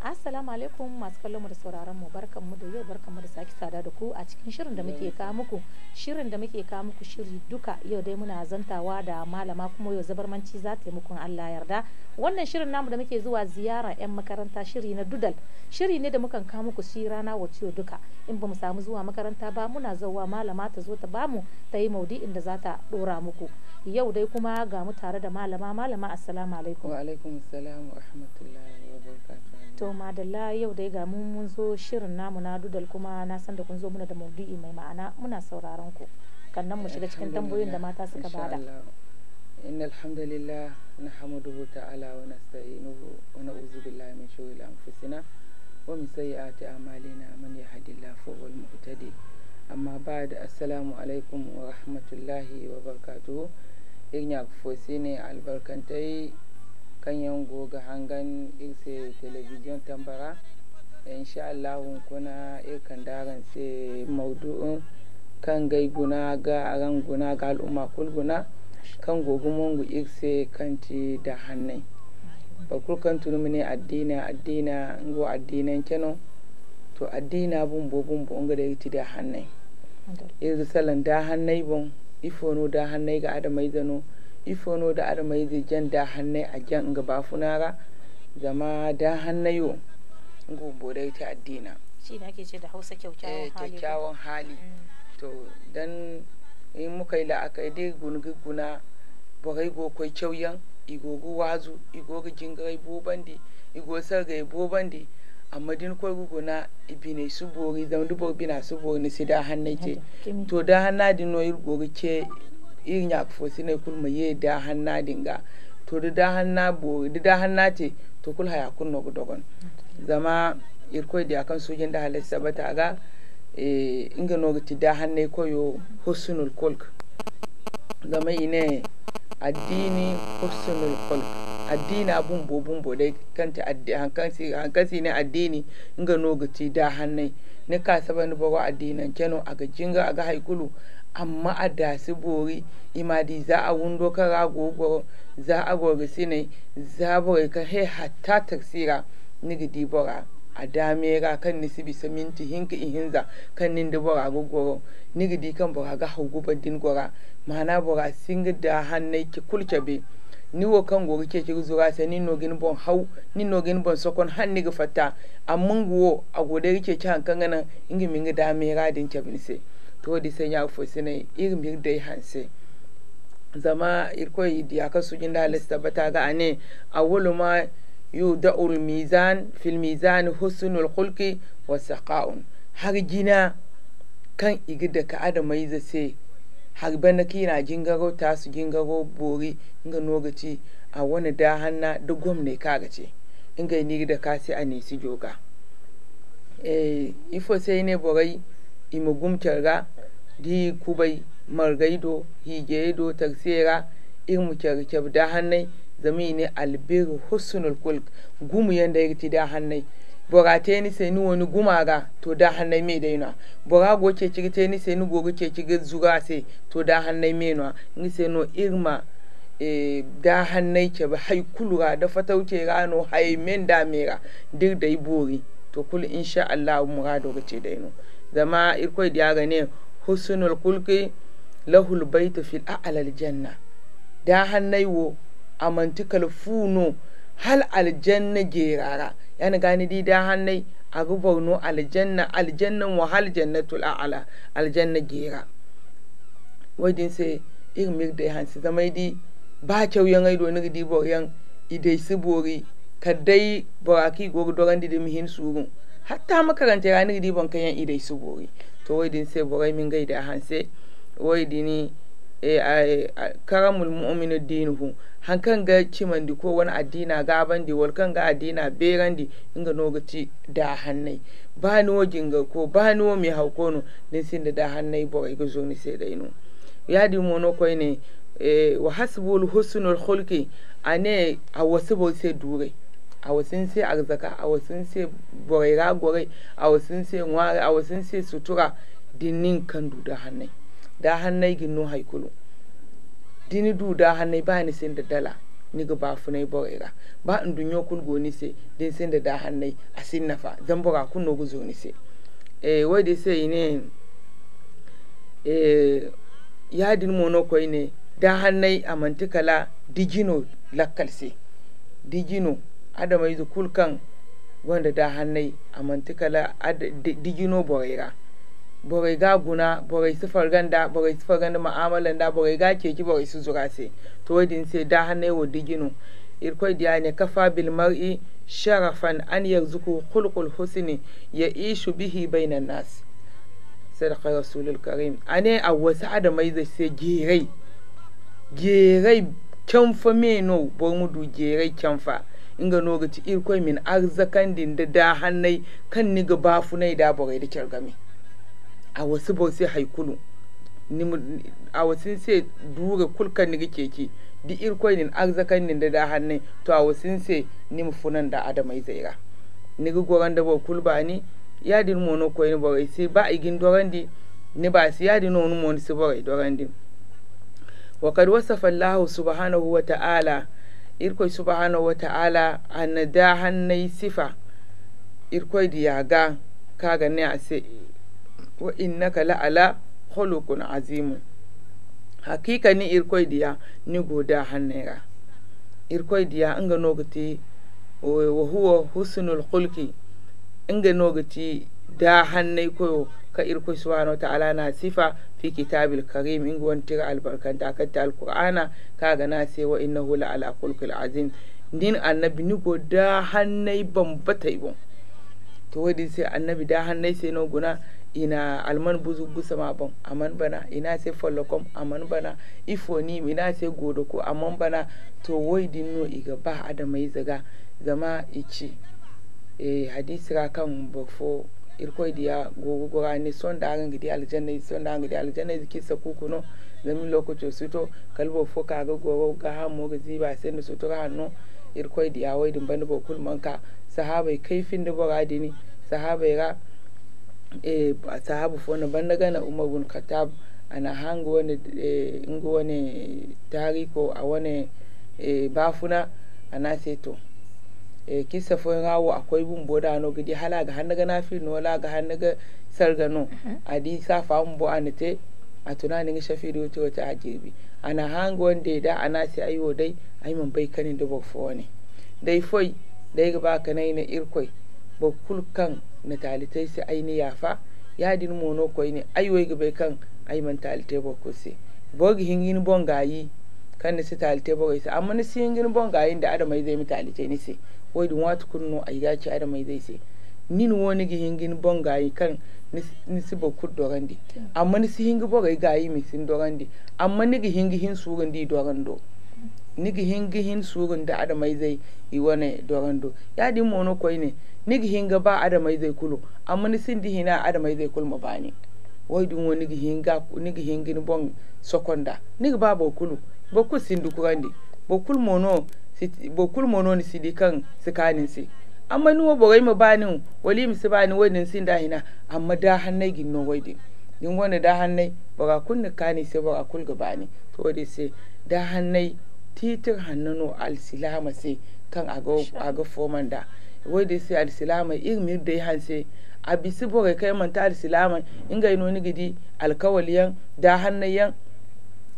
Assalamu alaikum masu kallon mu da sauraron mu barkan mu da yau barkan mu da sake sada da ku a cikin shirin da muke kawo muku shirin da muke kawo muku shiri duka yau dai muna zantawa da malama kuma yau zabarmanci za ta yi muku Allah yarda wannan shirin namu da muke zuwa ziyara yan makaranta shiri na dudal shiri ne da mukan kawo muku shi rana wace duka in ba mu samu zuwa makaranta ba muna zauwa malama ta zo ta bamu ta yi maudi inda za ta dora muku yau dai kuma ga mu tare da malama malama assalamu alaikum wa alaikum wa rahmatullahi to madalla yau dai ga mun mun zo shirin namu na dudal kuma na san da kun zo muna da maudu'i mai ma'ana muna sauraron ku kannan mu shiga cikin tambayoyin da mata suka bada inna alhamdulillah na hamadu ta'ala wa nasta'inu wa na'udhu billahi min shururi anfusina wa min sayyiati a'malina man yahdihillahu fa huwal muhtadi amma ba'd assalamu alaikum wa rahmatullahi wa barakatuh inya fusini albarkantai kanyan goga hangan irse télévision tambara Allah kuna irkan daren se maudu'un kan gai guna ga ran guna ga al'umma kul guna kan gogu mongu irse kanti da hannai bakul kan turmine addina addina ngo addinan kenon to addina bun bo bun bo da yiti da hannai irse salan da hannai bon ifono da hannai ga adamai zano ifono da armaizi jan da hannai a jan nga bafunara zama da hannayo goborai ta addina shi ne ake ce da hausa kyakkyawan eh, hali kyakkyawan hali mm. to dan in muka yi la'akai dai gunuguna barai go kwai kyauyan igogo wazu igogo jingarai bobandi igo sargai bobandi amma din kwai guguna ibine su bori zan dubo bina su bori ni sai da hannai ce to da hanna din noyi gori ce inya fosi ne kul ma ye da hanna dinga to da da hanna bo da da hanna te to kul haya kun no dogon zama irko da kan sujin da halatta bata ga eh inga no ti da hanne koyo husnul kulk zama ine addini husnul kulk addini abun bo bun bo dai kanta hankasi hankasi ne addini inga no ti da hanne ne ka saba ni bago addinan keno aga jinga aga haikulu amma a dasi bori imadi za a wundo kara gogoro za a gori sinai za a bori ka he hatta ni ga bora a ra kan nisi bisa minti hinka ihinza kan ninda bora gogoro di kan bora ga hauguba din gora mana bora ga da hannai ki kulke be ni wo kan gori ke ki zura sai ni gin bon hau ni gin bon sokon han ni ga fatta amma wo a gode rike ki hankan ganan inga minga ra din ke bin sai to sai ya fo sine irin bir dai hansi zama irko yi diya ka su jin ba ta ga ne a ma yuda'u da mizan fil mizan husnul khulqi wa saqa'un har gina kan igi da ka adama yi zase har na kina jingaro ta su jingaro bori inga nogaci a wani da hanna da gwamne ka gace inga ni da ka sai a nisi joga eh ifo sai ne borai imugum kyarga di kubai margaido higeido tagsera irmu kyarkyar da hannai zamini albir husnul kulk gumu yanda irti da hannai bora teni sai ni wani gumaga to da hannai me da yana bora go ke kiri teni sai ni gogo ke kiri zura sai to da hannai me yana ni sai no irma e, da hannai ke ba kulura da fatauke rano haimen da mera duk da yi bori to kul insha Allah murado ga ce da yana zama irkoi da ne husnul kulki lahul baitu fil a'lal janna da hannaiwo amantikal funo hal aljanna gerara yani gani di da hannai a gubauno aljanna wa hal jannatul a'la aljanna gera wajin sai irin mir da hansi zama di ba kyau yan aido ni di yan idai subori kaddai boraki gori doran di surun hatta makaranta ranar ribon kayan idai subori to din sai boray min gayde hanse wai dini e karamul mu'minu dinuhu hankan ga di ko wani addina ga bandi kan ga addina berandi inga nogaci da hannai ba ni wogin ga ko ba ni wo mi haukono din sin da hannai borai ga zo ni sai dai ya yadi mono koy ne eh, wa hasbul husnul khulqi ane a wasu sai dure. A sai arzaka a a awusinse sai gore a ŋwaare sai sutura dinin kan du da hannai da hannai ginno haikulu dini du da hannai ba ni sai da dala ni ga ba funai boraira ba in dunyo kulgo ni sai din sai da da hannai a sin nafa zan kun no guzo ni sai eh wai dai sai ne eh yadin monokoi ne da hannai a mantikala digino lakkal se digino adama yuzu kulkan gwanda da hannai a mantikala digino borera borai ga guna borai sifar ganda borai sifar ganda ma'amalan da borai ga keki borai su zura sai to wadin sai da hannai wa digino irkoi diya ne kafa bil mar'i sharafan an yarzuku khulqul husni ya ishu bihi bainan nas sadaka rasulul karim ane a wasu adamai zai sai gerai gerai kyanfa meno bar mudu gerai kyanfa inga noga ci irkoi min din da da hannai kan ni ga bafunai da bogai da kyargami a wasu bose sai haikulu a wasu sai dura kulkan ni ga keke di irkoi arzakan din da da hannai to a wasu sai ni mufunan da adamai zaira ni ga goran da bau kulba ni ya din mono koi ni bogai sai ba igin dorandi ni ba su yadin nonu mon su bogai dorandi وقد وصف الله سبحانه وتعالى irkoy subhanahu wa ta'ala ana da hannai sifa irkoy da ga kaga ne a se wa innaka la'ala khuluqun azimu hakika ni irkoy diya ni goda hannega irkoy diya nga nogati wa huwa husnul khulqi nga nogati da hannai koyo ka irko subhanahu ta'ala na sifa fi kitabil karim in gwan tira albarkanta katta alqur'ana kaga na sai wa innahu la ala khulqil azim din annabi ni go da hannai bambata ibon to wadi sai annabi da hannai sai no guna ina alman buzu gusa ma bon aman bana ina sai follokom aman bana ifo ni ina sai godo ko aman bana to wai din no iga ba adamai zaga zama ichi eh hadisi kan bafo irkoy diya gogo goga ni sonda anga gidi aljanna sonda anga gidi aljanna kisa kukuno zami lokaco suto kalbo fo ga gogo ga ha mo ga ziba sai no suto ga no irkoy diya wai dum bani bo kul manka sahaba kaifin da boga dini sahaba ga e sahabu fo na banda gana umar bin khattab ana hangu wani ingu e, wani tariko a wani e, bafuna ana sai to e kisa fo ngawo akwai bumbo boda no gidi hala ga hannaga na fi no la ga hannaga sarga no mhm. adi sa fa mbo anite a tunanin ga shafi da wuce wata ajirbi ana hango wanda da ana sai ayo dai ai mun bai kanin da bokfo ne dai foi dai ga baka nai na irkoi bokul kan na talitai sai ai ya yafa ya din mono koi ne ai wai ga bai kan ai man talitai bokko sai bogi hingin gayi kan ne sai talitai bogai sai amma ne sai hingin gayi da adamai zai mi talitai ne sai wodi watu kunno ay gaci ada mai zai sai nin woni gi hingin bonga yi kan nisi bo dorandi. amma nisi hingi boga ga yi mi sin dorandi amma nigi hingi hin sugandi dorando. nigi hingi hin da ada mai zai i wane dorando. ya di mono koy ne nigi hinga ba ada mai zai kulu amma nisi di hina ada mai zai kulma bani wai dun woni nigi hinga nigi hingin bon sokonda nigi ba bo kulu bo ku sindu kurandi bo kul mono bokul mononi ni sidi kan kanin si amma nuwa bogai ma bani wali mi si bani wadin sin da hina amma da hannai no wadin din wani da hannai baga kunni kani sai baga ga bani to wadin sai da hannai titir hannano silama sai kan aga foman da wadin sai alsilama irmi da yi hansi a bisi bogai kai manta alsilama inga ino ni gidi alkawaliyan da hannayan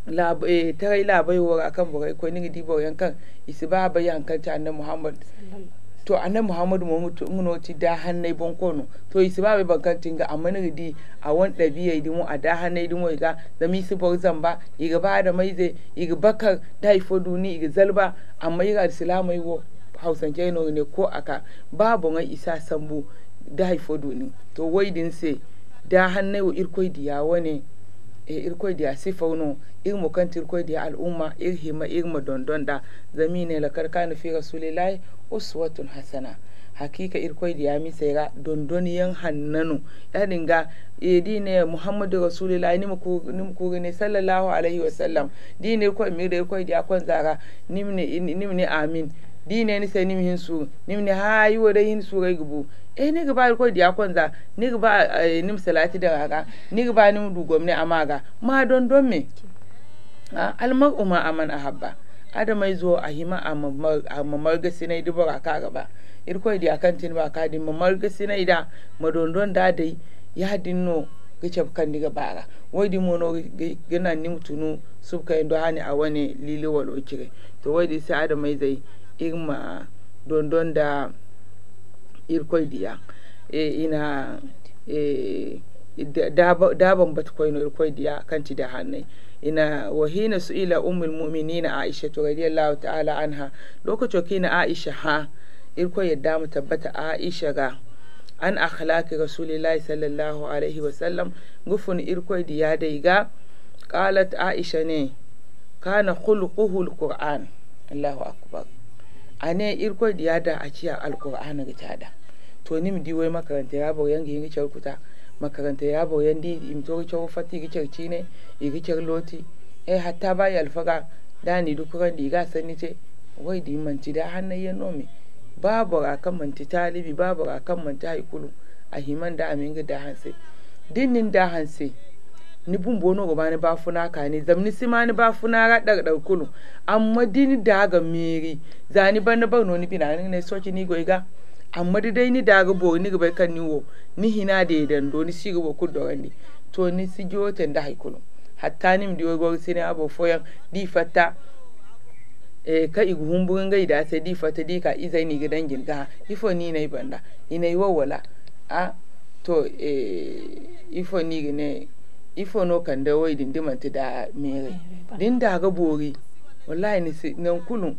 Eh, tarai labai wora akan burai ko ni di burai kan isiba bayan kan ta annabi muhammad to annabi muhammad ma mutu ngono ti da hannai bon kono to isiba be bankan tinga amma ni di a won dabiya di mu a da hannai di mu ga zami su bor zamba iga ba da maize iga bakar da fo duni iga zalba amma iga islamai wo hausan jaino ne ko aka babu ngai isa sambu da fo duni to wai din se da hannai wo irkoi diya wane da e dia fauno irmo kan tirkoi da al'umma irhima irma da zamine la na fi rasulillahi uswatun hasana hakika irkoi da mi dondon yan hannanu ga edi ne muhammadu rasulillahi ni ku ni ku ne sallallahu alaihi wasallam din ko mi da irkoi da kon zara nimne nimne amin dine ni sai nimhin su nim ne ha wore hin su gai gubu eh ni gaba ko diya konza ni gaba eh, nim salati da haka ni gaba nim du gomne amaga ma don don me almar ma aman ahabba adamai zo a hima a mamar gasi na dubara ka gaba irkoi da kan tin ba ka din mamar gasi na ida madondon da dai ya dinno gicab kan diga bara wai di mono gina nim tunu subka ndo hani a wani lili wal okire to wai di sai adamai zai irma dondon da irkoi diya e, ina e, e daban bat no irkoi diya kanti da hannai ina wahina su ila ummul mu'minina aisha to radiyallahu ta'ala anha lokacin kina aisha ha irkoi yadda mu tabbata aisha ga an akhlaqi rasulillahi sallallahu alaihi wa sallam gufun irkoi diya dai ga qalat aisha ne kana khulquhu alquran allahu akbar ane irko a ciya alkur'ani ga tada to mi diwo makaranta bo yangi yangi charkuta makaranta bo yandi imto chawo fati gi charcine igi charloti e hatta ba alfaga dani di ga sanni ce wai di manti da hanna ya nomi babu rakan manti talibi babu rakan manti haikulu a himan da ga da hanse dinnin da hanse ni bumbo no ba ni ba funa ka ni zamni sima ni ba funa ga da da kunu amma dini daga miri zani ban ban no ni bina ni ne soci ni goiga amma dai ni daga bo ni gaba kan ni wo ni hina da idan do ni sigo bo kuddo ni to ni sijo ten eh, da haikulu hatta nim di go sine abo foyan di fatta e ka igu humburin gai da sai di fatta di ka izai ni gidan gilga ifo ni nai banda inai wawala a to e eh, ifo ni ne ifo no kan da wai dindiman ti da mere din da ga bori wallahi ni nan kunu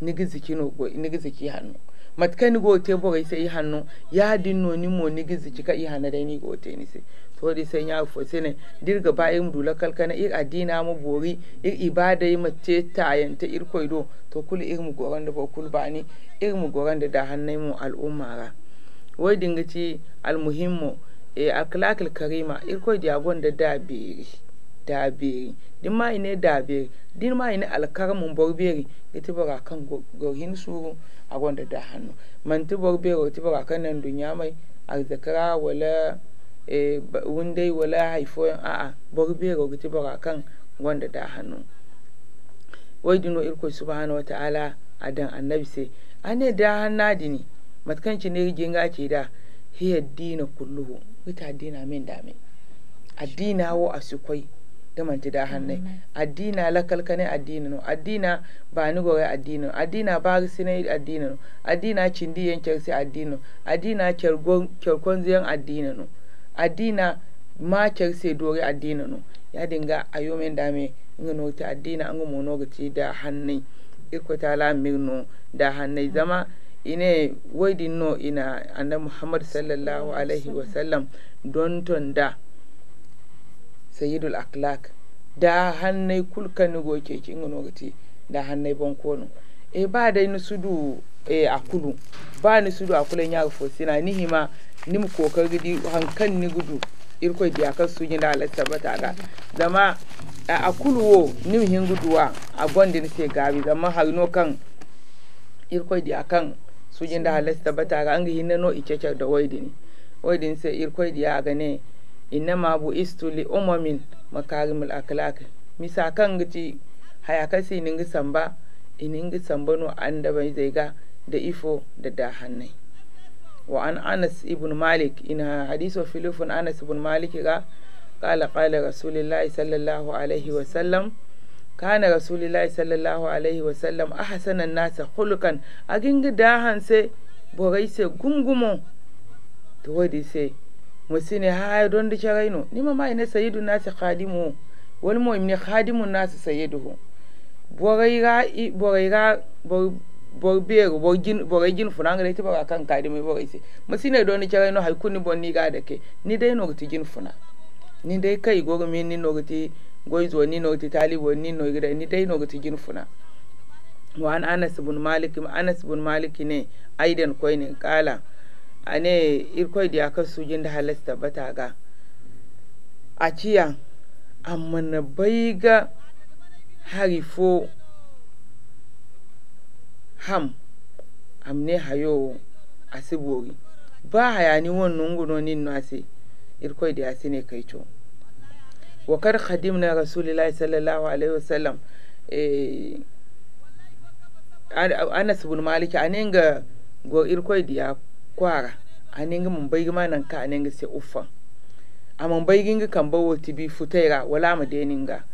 ni giziki no go ni ki hannu matka ni go te bori sai hannu ya no ni mo ni ki ka i hannu dai ni go te ni sai to di sai ya fo sai ne dirga ba im dula kalkana ir adina mu bori ir ibada yi mace tayan ta ir koido to kul ir mu goran da ba kul ba ni ir mu goran da da hannai mu al'umma ra wai dinga ci almuhimmu e eh, akhlaqil karima irko diagon da dabiri dabiri din ma ine dabiri din ma ine alkarmu borberi ita bora kan gorhin suru agon da da hannu man ti borbero ti bora kan nan dunya mai arzakara wala e eh, wundai wala haifo a a borbero ti bora kan gonda da hannu wai dino irko subhanahu wataala adan annabi sai ane da hannadi ne matkanci ne ginga ce da hiya dina kulluhu wita addina min dame addina wo asikwai da manti da hannai mm. addina lakal ne addina no addina ba ni gore addina addina ba ba ne addina no addina cindi yan kyarsi addina addina kyarkon ziyan addina no addina ma kyarsi dore addina no ya dinga ayo min dame inga no ta adina an mo no da hannai iko ta la da hannai zama ine no ina anna muhammad Sallallahu alaihi wa sallam ton da sayidul aklak da hannai goke kulkanigo keke gonogati da hannay bonkono e eh, dai ni sudu e eh, akulu ba ni sudu akula ñaaga fo sina ni hima ni mu kokar gidi hankan ni gudu irkoy da suñinda ala da. zama akulu wo ni hin guduwa a sai gabi dama zama no kan irkoy diyakan su da halasta bata ga an hinna no ikeke da waidini waidin sai irkoi diya ga gane inna ma bu istu li umamin makarimul akhlaq misa kan gici hayakasi gi samba iningi samba no anda bai zai ga da ifo da da hannai wa an anas ibn malik ina hadiso filifin anas ibn malik ga kala kala rasulullahi sallallahu alaihi sallam kana rasulillahi sallallahu alaihi wasallam hasanan nasa da hanse Borai sai gungumo to wadi se musine haya dondi raino Ni ma na sayidu nasa khadimu walmo imne khadimu nasi sayiduhu borai borayra bor beeru bor jin gin jin funanga leyte bora kan kadimi borayse musine dondi carayno raino haikuni bonni gade ke ni day nogoti jin funa ni dai kai gogo min ni nogoti goizo ni nauti titali ni gida ni dai nauti gati funa wa an anas bin malik anas bin malik ne aidan kwai ne kala ane irkoi da aka sujin da halasta bata ga a ciya amma na bai ga harifo ham amne hayo asibori ba hayani wannan gunonin nasi irkoi da ya sine kai cewa wa kar khadimna rasulullahi sallallahu alaihi wasallam eh, anas bin maliki aninga go irkoy diya kwara aninga mun bai ma nan ka aninga sai uffan amma bai ginga kan bawo bi futaira wala ma deninga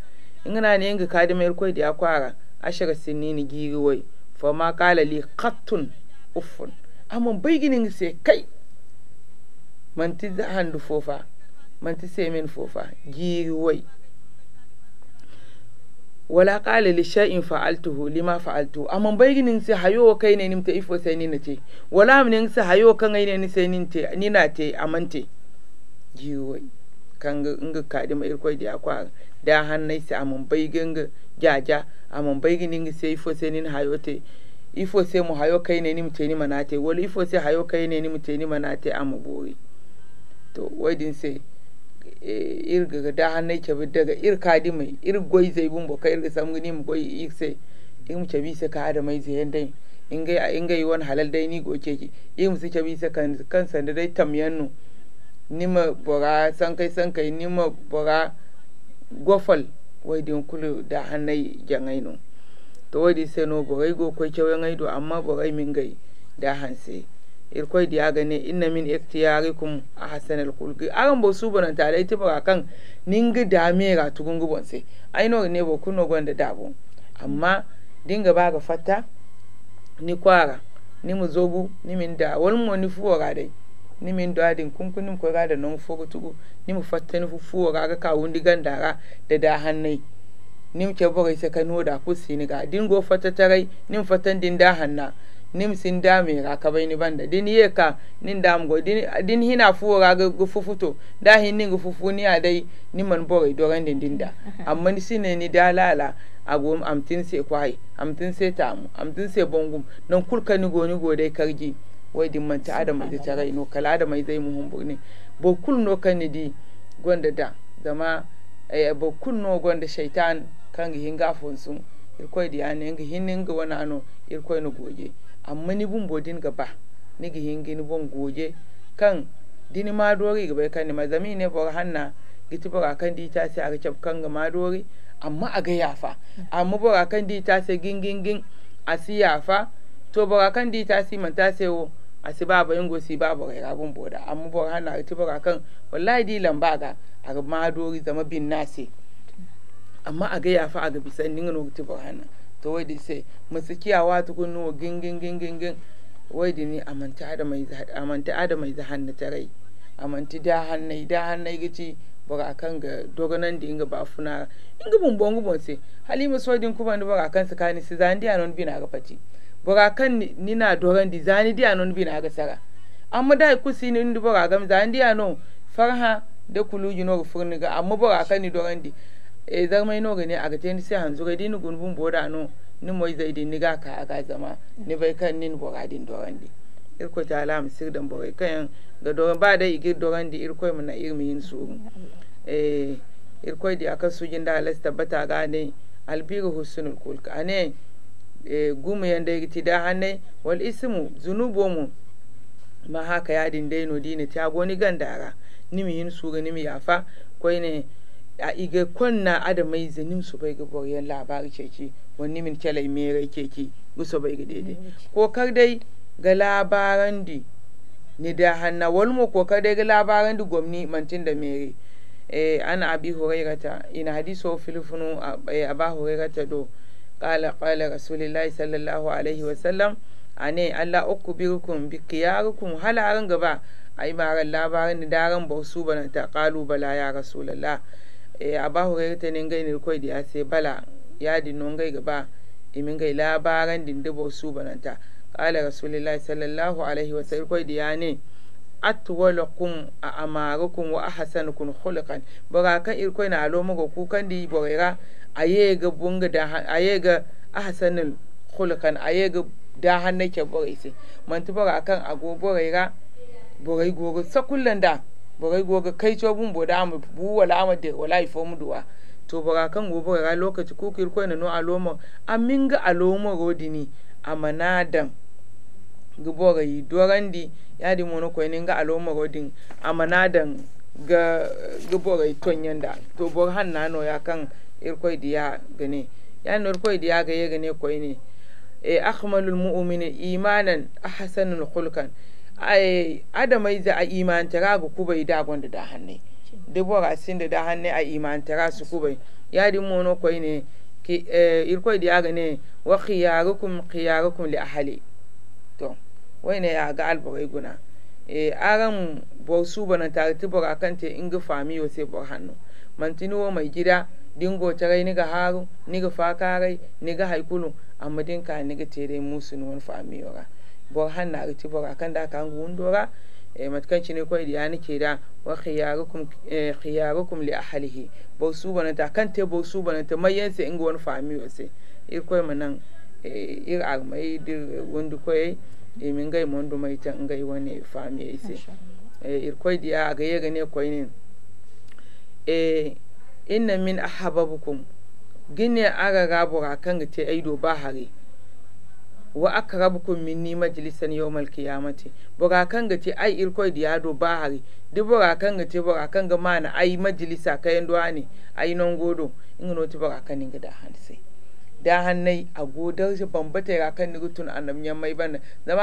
ingana ne inga kadima irkoy diya kwara ashara sinini giriwai fa ma qala li qattun uffun amma bai ginin sai kai manti da handu fofa manti min fofa giri wai wala qala li shay'in fa'altuhu lima fa'altu amma bayginin sai hayo kai ne nimta ifo sai ni nace wala min sai hayo kan ne ni sai ni te ni na te amante jiwo kan ga inga kadi mai irkoi da akwa da hannai sai amma baygin ga jaja amma bayginin sai ifo sai ni hayo te ifo sai mu hayo kai ne nimta ni manate wala ifo sai hayo kai ne nimta ni manate amma boyi to wai din sai irga da hanai kebi daga ir kadi mai ir goi zai bun boka irga samgini mu goi ikse im kebi se ka da mai zai dai ingai ingai wani halal dai ni goke ki im su kebi se kan kan sanda dai tamyannu nima bora sankai sankai nima bora gofal wai din kulu da hannai jangai no to wai di se no borai go koi kewen aido amma borai min gai da hanse irkoy diaga ne inna min ikhtiyarikum ahsan alkhulqi aran bo su bonan tare ita ba kan ninga dame ga tugungu bonse ai no ne bo kuno gonda dabo amma dinga ba ga fatta ni kwara ni mu zogu ni min da wal mo ni ga dai ni min da din kunkunin ko ga da non fogo tugu ni mu fatta ni fuwa ga ka wundi gandara da da hannai ni mu ke bo ga sai ka no da kusi ni ga dingo fatta tarai ni mu fatan din da hanna nim sin ra ka bai ni banda din ye ka nin dam go din din hina ra ga gufufuto da hin nin ni a dai ni man bore doran din da. amma ni sine ni dalala am tin se kwai tin se tamu tin se bongum nan kulka ni go ni go dai kargi wai din man ta adam da rai no kala adam mai zai muhun burne bo kul no kan ni di gonda da zama ay eh, bo kul no gonda shaitan kan gi sun, ir irkoi di ane ngi ga wana ano irkoi no goje amma ni bun bo din gaba ni gi hingi ni bon goje kan dini ma dori gaba kan ni mazami ne bor hanna giti bor kan di ta sai aga cap kan ga ma dori amma aga yafa amma bor kan di ta sai gin gin asi yafa to bor kan di ta sai man ta sai wo asi baba ingo si baba ga bun boda amma bor hanna giti bor kan wallahi di lamba ga aga ma dori zama bin nasi amma aga yafa aga bisan ninga no giti bor hanna so wai dai sai musikiya wa tukunu gingin gingin gin wai di ni amanta da mai amanta da mai zahanna tarai amanti da hannai da hannai gici baga akan ga dogonan da inga ba funa inga bun bon gubon sai halima sodin kuma ni su akan sakani si bi na bina ga fati baga kan ni na dogon di zani di bi bina ga sara amma da ku si ni ndu baga gam diya non farha da kuluji no furni ga amma baga kan ni dogon di e mai no gani a gace ni sai hanzu ga dini gunbun boda no ni zai din ni ga ka aga zama ni bai kan nin boga din dorandi irko ta alam sir dan boga kan ga do ba da igir dorandi irko mun na irmi hin su eh irko di aka jin da alas tabbata ga ne albiru husnul kulka ane e eh, gumu yanda yiti da hanne wal ismu zunubo mu ma haka ya din dai no dine ta goni gandara ni mi hin su ga mi yafa koi ne a iga konna ada mai nim so bai ga boyen labari keke wani min kyala mere keke gusa bai ga daidai ko kar dai ga labaran di ni da hanna wal mu ko kar dai ga labaran di gwamni mantin da mere eh ana abi hurairata ina hadiso filifunu aba eh, hurairata do qala qala rasulullahi sallallahu alaihi wa sallam ane allah uku birkum bi kiyarukum halarin gaba ai maran labarin da daren bausu bana ta qalu bala ya rasulullah e eh, abahu ga ta ne ngai nir koy diya sai bala ya di non ngai gaba imin e ngai labaran din dubo su bananta qala rasulullahi sallallahu alaihi wa sallam koi da ne atwalakum a amarukum wa ahsanukum khulqan bora ka ir na alo mugo ku kan di borera aye ga bunga da aye ga ahsanul khulqan aye ga da hannake borai sai mantu tubara kan ago borai borai gogo sakullan da bogai goga kai cho bun boda mu bu wala ama de wala ifo duwa to boga kan go boga ga lokaci ko kir ko no aloma aminga aloma rodini amanadan ga boga yi dorandi ya di mono ko ne ga aloma rodin amanadan ga ga boga yi da to boga han no ya kan irkoi diya gane ya no irkoi diya ga ye gane ko ne e akmalul mu'mini imanan ahsanul khulqan ada mai za a imantara ga kubai da gonda da hanne debora sin da da hanne a imantara su kubai ya di mono koi ne ki eh, irko di aga ne wa khiyarukum khiyarukum li ahli to wai ne ya ga alborai guna e aran bo su bana tare tubura kante inga famiyo sai bor hannu mantino mai gida dingo tarai niga haru niga fakarai niga haikulu amma dinka niga tere musu nuwan famiyora Bor hanna ga bora kanda kan gundora eh, matkan cine koy da yani ke da wa khiyarukum eh, khiyarukum li ahlihi bo su bana ta kan te bo su bana ta mayen se ingo wani fami wase ir koy manan eh, ir armai dir wundu koy e min ma mondu mai ta ngai wani fami ise ir koy da ga ye gane koy ne e inna min ahababukum gine aga gabura kan ga te aido ba hari wa aka rabu akrabkum yau majlisan ya mace bura kan ga ce ai irkoi da yado bahari duk bura kan ga ce bura kan ga mana ai majlisa kayan duwa ne ai non godo in no ti bura kan ga da hanse da hannai a godar shi bambata ya kan ni rutun annabnyan mai bana zama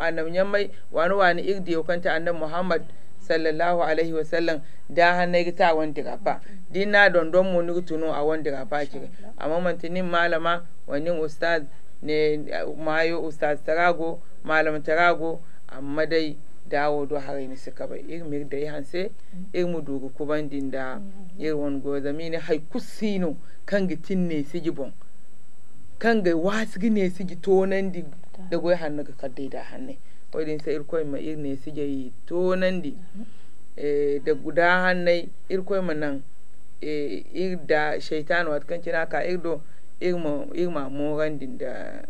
annabnyan mai wani wani irdi ya kwanta nan muhammad sallallahu alaihi wa sallam da hannai gita wanda rafa dina dondon mu ni rutuno a wanda rafa kire amma mantanin malama wani ustaz ne mayo ustaz tarago malam tarago amma dai dawo do ni suka bai irin mir da yi hanse irin mu dogo kuban bandin da irin wani goza mini hai kusino kan ga tinne su gi kan ga wasu gine su gi tonan di da goyi hannu ga kadai da hannu wadin sai irkoi ma irin ne su yi tonan di e, da guda hannai irkoi ma nan e, ir da shaitan wat kan kina ka irin irma moran din da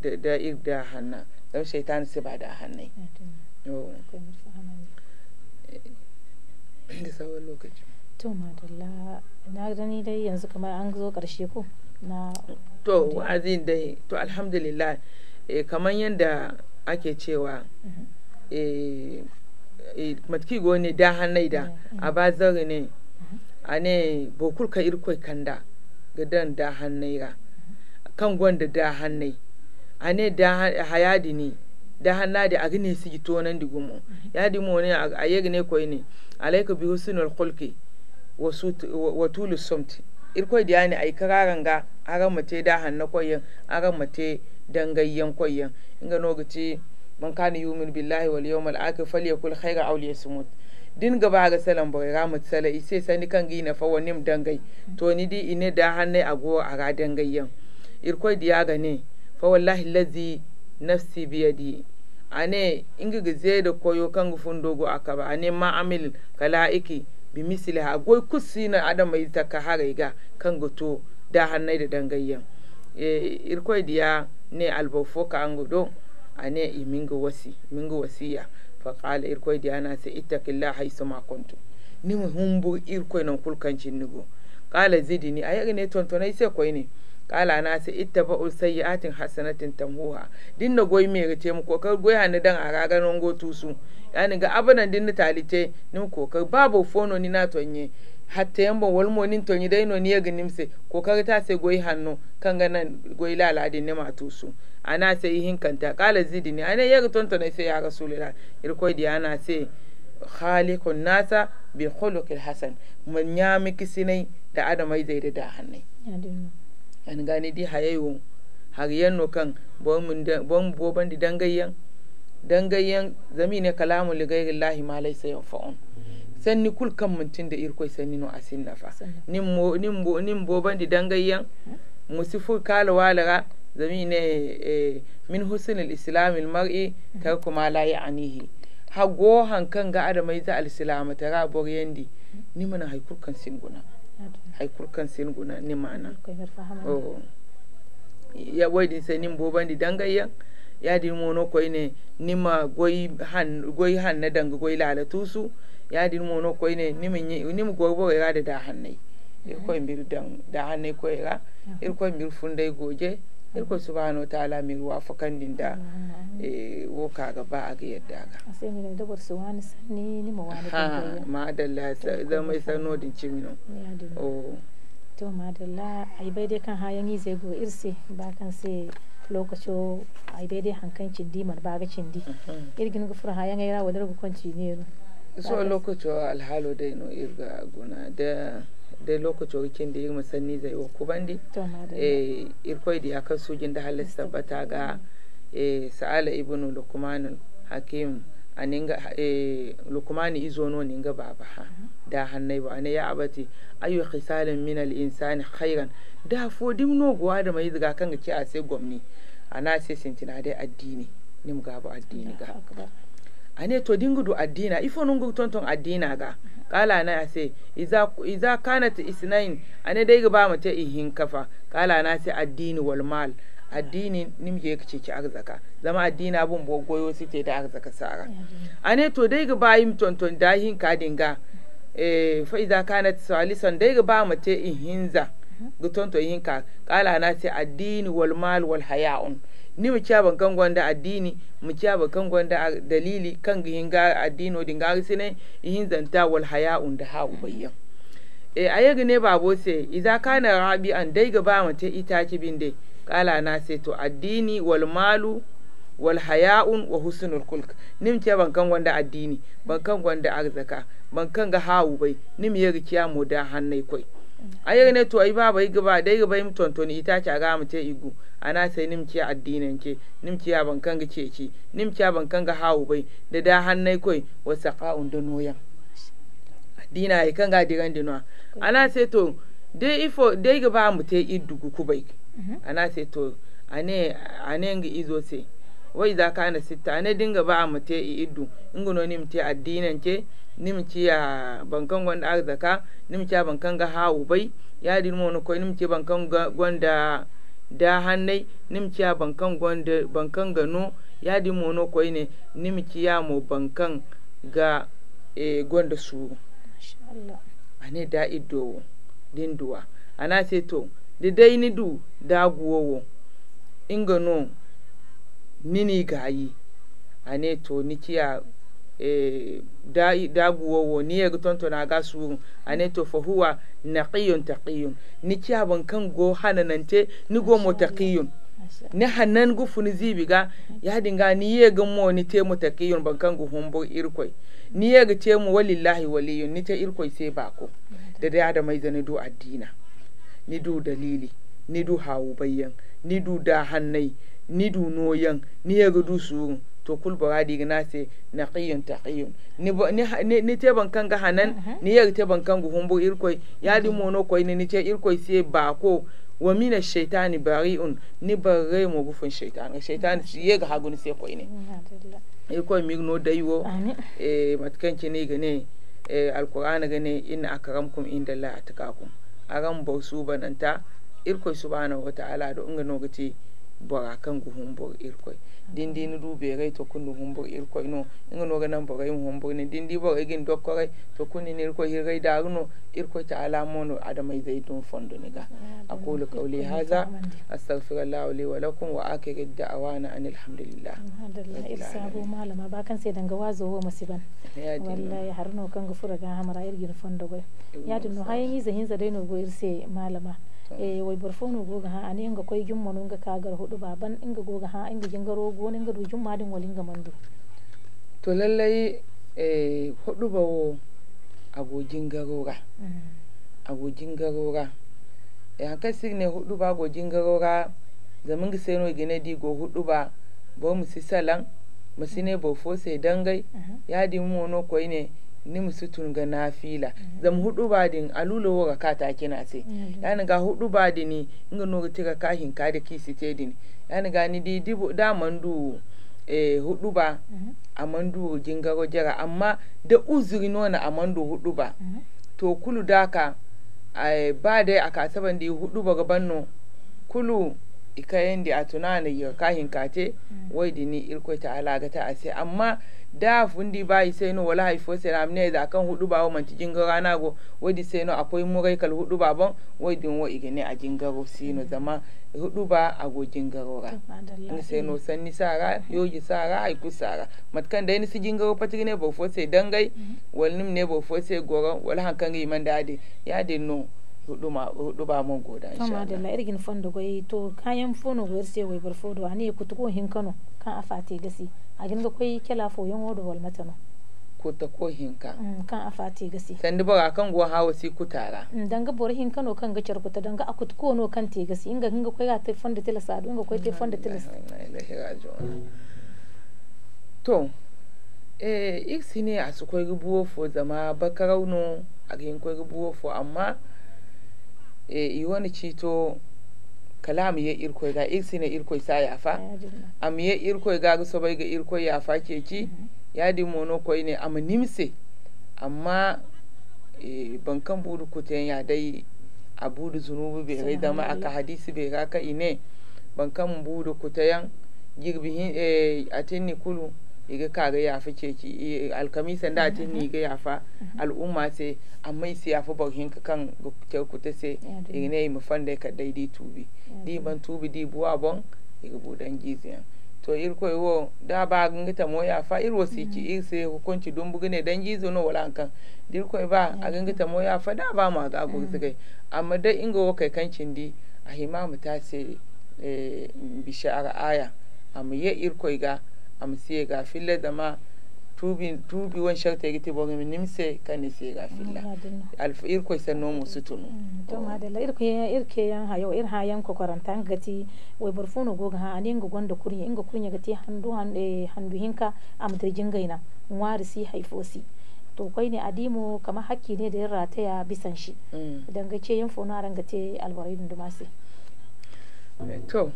da da ir da hanna don shaitan su ba da hannai ah, da sauran lokaci to madalla na gani dai yanzu kamar an zo karshe ko na to wa'azin dai to alhamdulillah eh, kamar yadda ake cewa mhm. eh, eh, matki ne da hannai da a bazari ne mhm. a ne bokul ka irkoi kanda gadan da hannai ra kan gwanda da hannai ne da hayadi ne da hanna da ne sigi tonan di gumo yadi mo ne ayegne koy ne alaika bi husnul khulqi wa sut wa tul sumt irkoy da yani ay ga aran mate da hanna koyen aran mate dangayyan koyen inga no gace man kana yumin billahi wal yawmal akhir falyakul khayra aw liyasmut din gaba ga salan ga ramu sala ise sani kan gi na fawo nim dangai to ni di ine da hanne go a ga yan irkoi diya ga ne fa wallahi lazi nafsi yadi ane inga gize da koyo kan gufun dogo ba ane ma amil kalaiki bi misli ha goy kusina adam mai taka ga. kan to, da hannai da dangai yan e, irkoi diya ne albofo ka do ane iminga wasi minga wasiya faqala irkoy di ana se ittaqillah haythu ma kuntum nimi humbu irkoy non kulkancin a qala zidni ayagane tontonai koi ne. kala na sai ita ba sayyi'atin hasanatin tamhuha din na goyi me rite mu kokar goyi hannu dan a raganon gotu tusu. yani ga abanan din na talite nim kokar babu fono ni na tonye hatta yamba walmonin to nyidai no niya ganimse ko kaga ta sai goyi hannu kan ga nan goyi lala din ne matu su ana sai hin kanta qala zidi ne ana yaga tonto ne sai ya rasulullah irko di ana sai khaliqun nasa bi khuluqil hasan man nyami kisinai da adamai zai da hannai an gani di hayayo har yanno kan bon boban di dangayyan dangayyan zami ne kalamu ligayrillahi ma laysa yanfa'un sanni kul da irko sanni no asin nafa nin mo nin bo nin bandi dangayyan hmm? musifu kala walaga zamine e, min husnul al mar'i tarku hmm. kuma la ya'nihi ha go hankan ga adamai za al alislama tara bor yandi hmm. ni mana haikul kan singuna haikul kan singuna ni mana oh ya wadi sai nin bandi dangayyan ya di mono koy ne nima goyi han goyi han na danga goy lalatu su ya dir mo no koyne nimin nim gobo ya da da hannai iri ko mbir dan da hannai ko ya ir ko mbir fundai goje ir ko subhanahu ta'ala mi wa fakandin da e, wo ka ga ba a ga yadda ga sai mi da bar wani sanni ni mo wani ko ma da zama sanno din cimino o oh. to madalla ai bai dai kan hayan yi zai go irse ba kan sai lokacin ai bai dai hankan cindi mar ba ga cindi irgin gufur hayan ai rawa da gukon cinero so lokaci alhalo da no irga guna da da lokaci kin da yi musanni zai wa kubandi eh irkoi da akan sujin da halis tabbata ga eh sa'ala ibnu lukman hakim aninga eh lukmani izono ninga baba ha mhm. da hannai ba ne ya abati ayu khisalan min al insani khairan da fo dimno gwa da mai ziga kan ga ki a sai gwamni ana sai sintina dai addini nim ga addini ga ane to du addina ifo nungu tonton addina ga kala na ase iza iza kanat isnain ne dai ga ba mata ihin kafa kala na sai addini wal mal addini nimje kace ki arzaka zama addina bun bo goyo site da arzaka sara ane to dai ga yim tonton dahin ka dinga eh fa iza ta salisan dai ga ba mate ihinza ga tonton ihin ka kala na sai addini wal mal wal haya'un ni mu kyaba kan gwanda addini mu kyaba kan gwanda dalili kan gihin ga addino din gari sine ihin zanta wal haya da ha ubayyan e eh, ayaga ne babo se iza kana rabi an dai mu te ita itace dai kala na sai to addini wal malu wal haya'un wa husnul khulq nim ce ban kan gwanda addini ban kan gwanda arzaka ban kan ga hawu bai nim ya kiya mu da hannai koi yi ne to yi ba bai gaba dai bai mu tontoni ita ci a gama ce igu ana sai nimci addinan ke nimci a ban kanga ceci nimci a ban kanga hawo bai da da hannai koi wasa ka'un da noyan addina kan kanga diran dinwa ana sai to dai ifo dai ga ba mu te idugu kubai mhm. ana sai to ane ane ga izo sai wai za ka na sita ne dinga ba a mate i in gano ni mace addinan ce ni ci a bankan gwanda arzaka ni ci a bankan ga hawu bai ya di mo wani ni nim ci bankan gwanda da hannai ni ci a bankan gwanda bankan gano ya di mo wani ko ne ni ci ya mu bankan ga e, gwanda su a ne da ido dinduwa ana ce to da dai ni du da guwowo in gano nini gayi ane to nikia e, eh, da dabu wowo ni ya gutonto na ga a ne to fa huwa naqiyun taqiyun nikia ban kan go hananante ni go mota ƙiyon ni hannan ni zibi ga ya dinga ni ga mo ni te mota ƙiyon ban kan gufun humbo irkoi ni ga te mo walillahi waliyun ni te irkoi sai bako da da da mai zane do addina ni du dalili ni du hawu bayyan ni du da hannai ni du no yang ni ya gudu su to kul baradi gina se naqiyun taqiyun ni ni ni te ban kanga hanan ni ya te ban kanga humbo irkoi ya di mono koi ni te irkoi se ba ko wa mina shaitani bari'un ni bare mo gufun shaitani shaitani ya ga hagun se koi ne irkoi mi no wo eh matkan ki ne gane eh alqur'ana gane inna akramkum indallahi atqakum aran bausu bananta irkoi subhanahu wa ta'ala do inga no gati bora kan gu humbor irkoi dindi ni rube gai to kundu humbor irkoi no inga no ganan bora yin humbor ne dindi bora gin dokkorai to kunni ni irkoi hirgai daruno irkoi ta ala mono adama zaitun fondo ni ga aqulu qawli hadha astaghfirullahi li wa lakum wa akhiru da'wana anil hamdulillah alhamdulillah irsabu malama ba kan sai danga wazo ho masiban wallahi har no kan gufura ga hamara irgin fondo gai ya dinu hayin yi zahin zadai no go irse malama e wai burfono goga ha ane nga koy jumma no nga kagar hudu baban inga goga ha inga jingaro go inga du madin walin ga mandu to lallai eh hudu bawo agogin garora mm-hmm. agogin garora ya eh, kai ne hudu ba agogin garora zamin sai no gine di go hudu ba bo si salan mu bo fo sai dangai mm-hmm. ya di mu no koy ne ni musu tunga na fila mhm. zam hudu ba din alulo wora ka ta kina se mhm. yani ga hudu ba dini inga no tiga ka hin ka da kisi te dini yani ga ni di dibo da mandu eh hudu ba mhm. amandu jingaro jara amma da uzuri a amandu hudu ba to kulu daka ba dai aka saban di hudu ba gaban no kulu a tunanin yiga kahin kate mm. waidi ni irko ta alaga ta ase amma da fundi yi sai no wala haifo sai ram ne da kan hudu wa manti jingaro na go di sai no akwai murai kal hudu wai wadi wa igene a jingaro no mm. zama hudu ba a go jingaro ra ni sai no mm. sanni sara yoji sara ai ku sara matkan da ni si jingaro patri ne ba fo sai dangai walnim ne ba fo sai goro wala hankan man dade ya din no ɗuma mun goda insha Allah. Tama da irgin fondo goyi to kayan fono goyar se wai bar fodo ani ku tuko hin kano kan afate gasi a ginga koyi kela fo yan wodo wal matano. Ku ta ko hin ka. Mm, kan afate gasi. Sandi baga kan go hawo si ku tara. Mm, danga bor hin kano kan ga charku ta danga aku tuko no kan te gasi inga ga koyi ga fondo tilasa inga koyi te fondo tilasa. To eh ik sine a su koyi buwo fo zama bakarauno a gin koyi buwo fo amma e iwoni cito kala amiye irkoy ga igsine irkoi sa yafa fa am gaga sobay ga ke ki keki mhm. yadi mono ne am nimse amma e, bankan budu kuten ya dai a budu zunubu be rai dama aka hadisi be ga ka ine bankan budu kutayan girbihin e, a tinni kulu iga ya yafa ceci alkamisa da tin ni ga fa al'umma se amma se fa bauhin ka kan ga kuta se iga ne mu fande ka daidai tubi di ban tubi di buwa bon iga budan giziyan to ir koy wo da ba ganga ta moya fa ir wasi ki mm. ir se hukunci dun bugune dan gizo no wala kan dir koy ba a ganga ta moya fa da ba ma ga gugu mm. kai amma dai inga wo kai kancin di a himamu ta se eh, bishara aya amma ya ir koy ga am siega fille dama tuubi tubi won shakta giti bo mi nimse kani siega filla alf irko sa no mo sutunu mm, to ma la irko ya irke yan hayo ir ha yan ko karanta gati wai barfuno goga ha anin go gonda kurnya inga kurnya gati handu hande handu hinka am dirjin gaina wari si haifosi to kai ne adimu kama hakki ne da yin rataya bisan shi mm. dangace yin fono a rangace albarai dundumasi to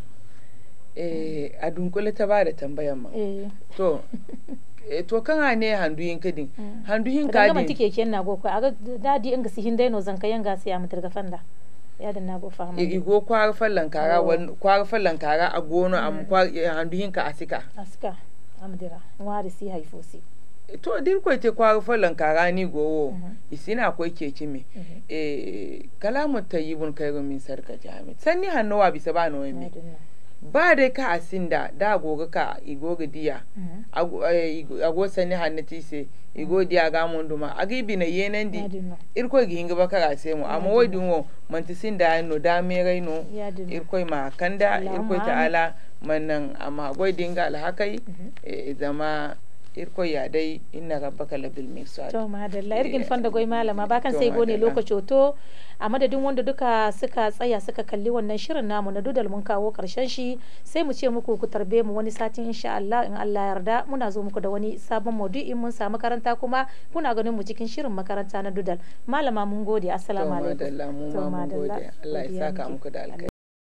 eh a dunkule ta ba da tambayan ma eh. to eh, to kan ne handu yin kadin mm. handu yin kadin kan tike ken na goko aga dadi inga si hindai no zanka yanga si ya mutar fanda ya da nago fahimta igo kwar fallan kara oh. wan kwar fallan kara a gono am mm. kwar eh, handu yin ka asika asika amdira ngwari si haifosi to dir ko te kwar fallan kara ni gowo mm-hmm. isina akwai keke me mm-hmm. eh kalamu tayyibun kairu min sarka jami sanni hannuwa bisa ba no mi ba dai ka a sinda da goga ka igoga diya mm-hmm. eh, ago sani hanna ti se igo mm-hmm. diya ga mun duma agi bina yenen di irko gi hinga baka ga mu amma wai dun wo man ti sinda no da me rai no irko ma kanda irko ta ala manan amma goi dinga alhakai mm-hmm. eh, zama irko ya dai ina inna rabbaka labil mirsad to madalla irgin eh. fanda goyi malama ba kan sai gone lokaci to a madadin wanda duka suka tsaya suka kalli wannan shirin namu na dudal mun kawo karshen shi sai mu ce muku ku tarbe mu wani satin insha Allah in Allah yarda muna zo muku da wani sabon maudu'in mun samu karanta kuma kuna ganin mu cikin shirin makaranta na dudal malama mun gode assalamu alaikum to madalla Allah ya saka muku da alkai